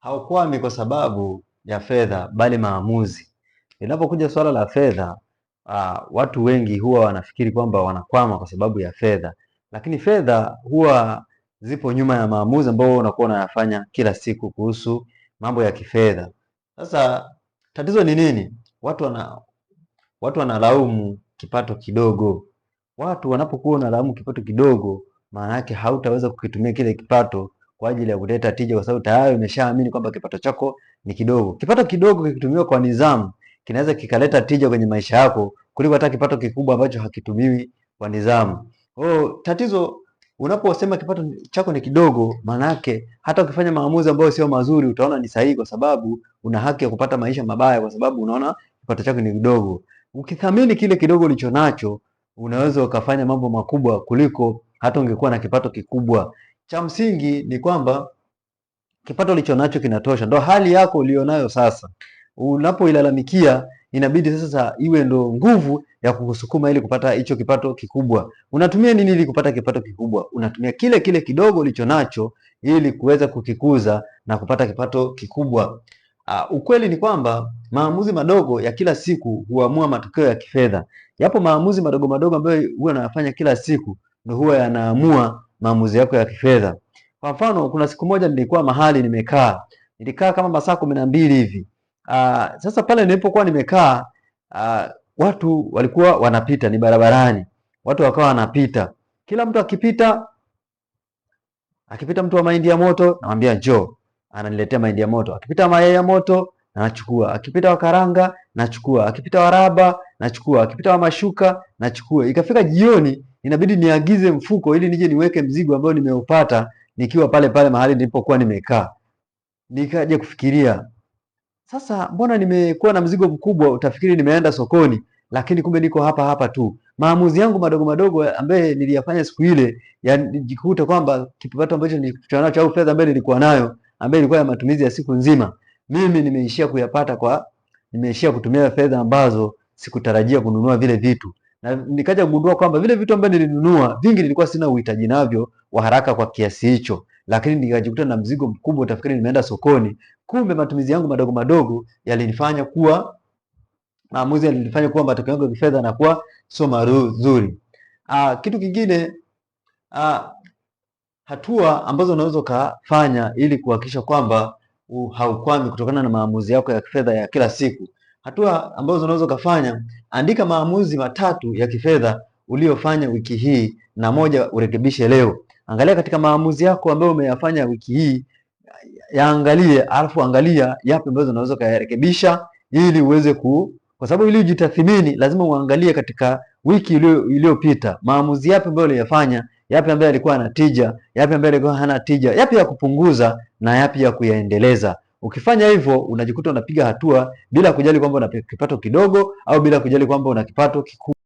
haukwami kwa sababu ya fedha, bali maamuzi. Linapokuja swala la fedha, uh, watu wengi huwa wanafikiri kwamba wanakwama kwa sababu ya fedha, lakini fedha huwa zipo nyuma ya maamuzi ambayo unakuwa unayafanya kila siku kuhusu mambo ya kifedha. Sasa tatizo ni nini? Watu wana watu wanalaumu kipato kidogo. Watu wanapokuwa unalaumu kipato kidogo, maana yake hautaweza kukitumia kile kipato kwa ajili ya kuleta tija, kwa sababu tayari umeshaamini kwamba kipato chako ni kidogo. Kipato kidogo kikitumiwa kwa nidhamu kinaweza kikaleta tija kwenye maisha yako kuliko hata kipato kikubwa ambacho hakitumiwi kwa nidhamu. Oh, tatizo unaposema kipato chako ni kidogo, maana yake hata ukifanya maamuzi ambayo sio mazuri utaona ni sahihi, kwa sababu una haki ya kupata maisha mabaya, kwa sababu unaona kipato chako ni kidogo. Ukithamini kile kidogo ulicho nacho, unaweza ukafanya mambo makubwa kuliko hata ungekuwa na kipato kikubwa cha msingi ni kwamba kipato nacho kinatosha, ndo hali yako ulionayo sasa. Unapoilalamikia inabidi sasa iwe ndo nguvu ya kukusukuma ili kupata hicho kipato kikubwa. Unatumia nini ili kupata kipato kikubwa? Unatumia kile kile kidogo ulichonacho ili kuweza kukikuza na kupata kipato kikubwa. Uh, ukweli ni kwamba maamuzi madogo ya kila siku huamua matokeo ya kifedha. Yapo maamuzi madogo madogo ambayo huwa unayafanya kila siku ndio huwa yanaamua maamuzi yako ya kifedha. Kwa mfano, kuna siku moja nilikuwa mahali nimekaa, nilikaa kama masaa kumi na mbili hivi. Ah, sasa pale nilipokuwa nimekaa ah, watu walikuwa wanapita, ni barabarani, watu wakawa wanapita, kila mtu akipita akipita mtu wa mahindi ya moto namwambia njoo, ananiletea mahindi ya moto. Akipita mayai ya moto nachukua, akipita wa karanga nachukua, akipita wa raba nachukua, akipita wa mashuka nachukua. Ikafika jioni inabidi niagize mfuko ili nije niweke mzigo ambao nimeupata nikiwa pale pale mahali nilipokuwa nimekaa. Nikaja kufikiria sasa, mbona nimekuwa na mzigo mkubwa? Utafikiri nimeenda sokoni, lakini kumbe niko hapa hapa tu. Maamuzi yangu madogo madogo ambaye niliyafanya siku ile, yanijikuta kwamba kipato ambacho nilikutana nacho au fedha ambayo nilikuwa nayo ambayo ilikuwa ya matumizi ya siku nzima, mimi nimeishia kuyapata kwa, nimeishia kutumia fedha ambazo sikutarajia kununua vile vitu na nikaja kugundua kwamba vile vitu ambavyo nilinunua vingi nilikuwa sina uhitaji navyo wa haraka kwa kiasi hicho, lakini nikajikuta na mzigo mkubwa, utafikiri nimeenda sokoni. Kumbe matumizi yangu madogo madogo yalinifanya kuwa maamuzi, yalinifanya kuwa matokeo yangu ya kifedha yanakuwa sio mazuri. Ah, kitu kingine ah, hatua ambazo unaweza ukafanya ili kuhakikisha kwamba haukwami kutokana na maamuzi yako ya kifedha ya kila siku Hatua ambazo unaweza ukafanya, andika maamuzi matatu ya kifedha uliofanya wiki hii na moja urekebishe leo. Angalia katika maamuzi yako ambayo umeyafanya wiki hii, yaangalie alafu angalia yapi ambazo unaweza ukayarekebisha ili uweze ku, kwa sababu ili ujitathmini lazima uangalie katika wiki iliyopita maamuzi yapi ambayo uliyafanya, yapi ambayo yalikuwa yana tija, yapi ambayo yalikuwa hana tija, yapi ya kupunguza na yapi ya kuyaendeleza. Ukifanya hivyo unajikuta unapiga hatua bila kujali kwamba una kipato kidogo au bila kujali kwamba una kipato kikubwa.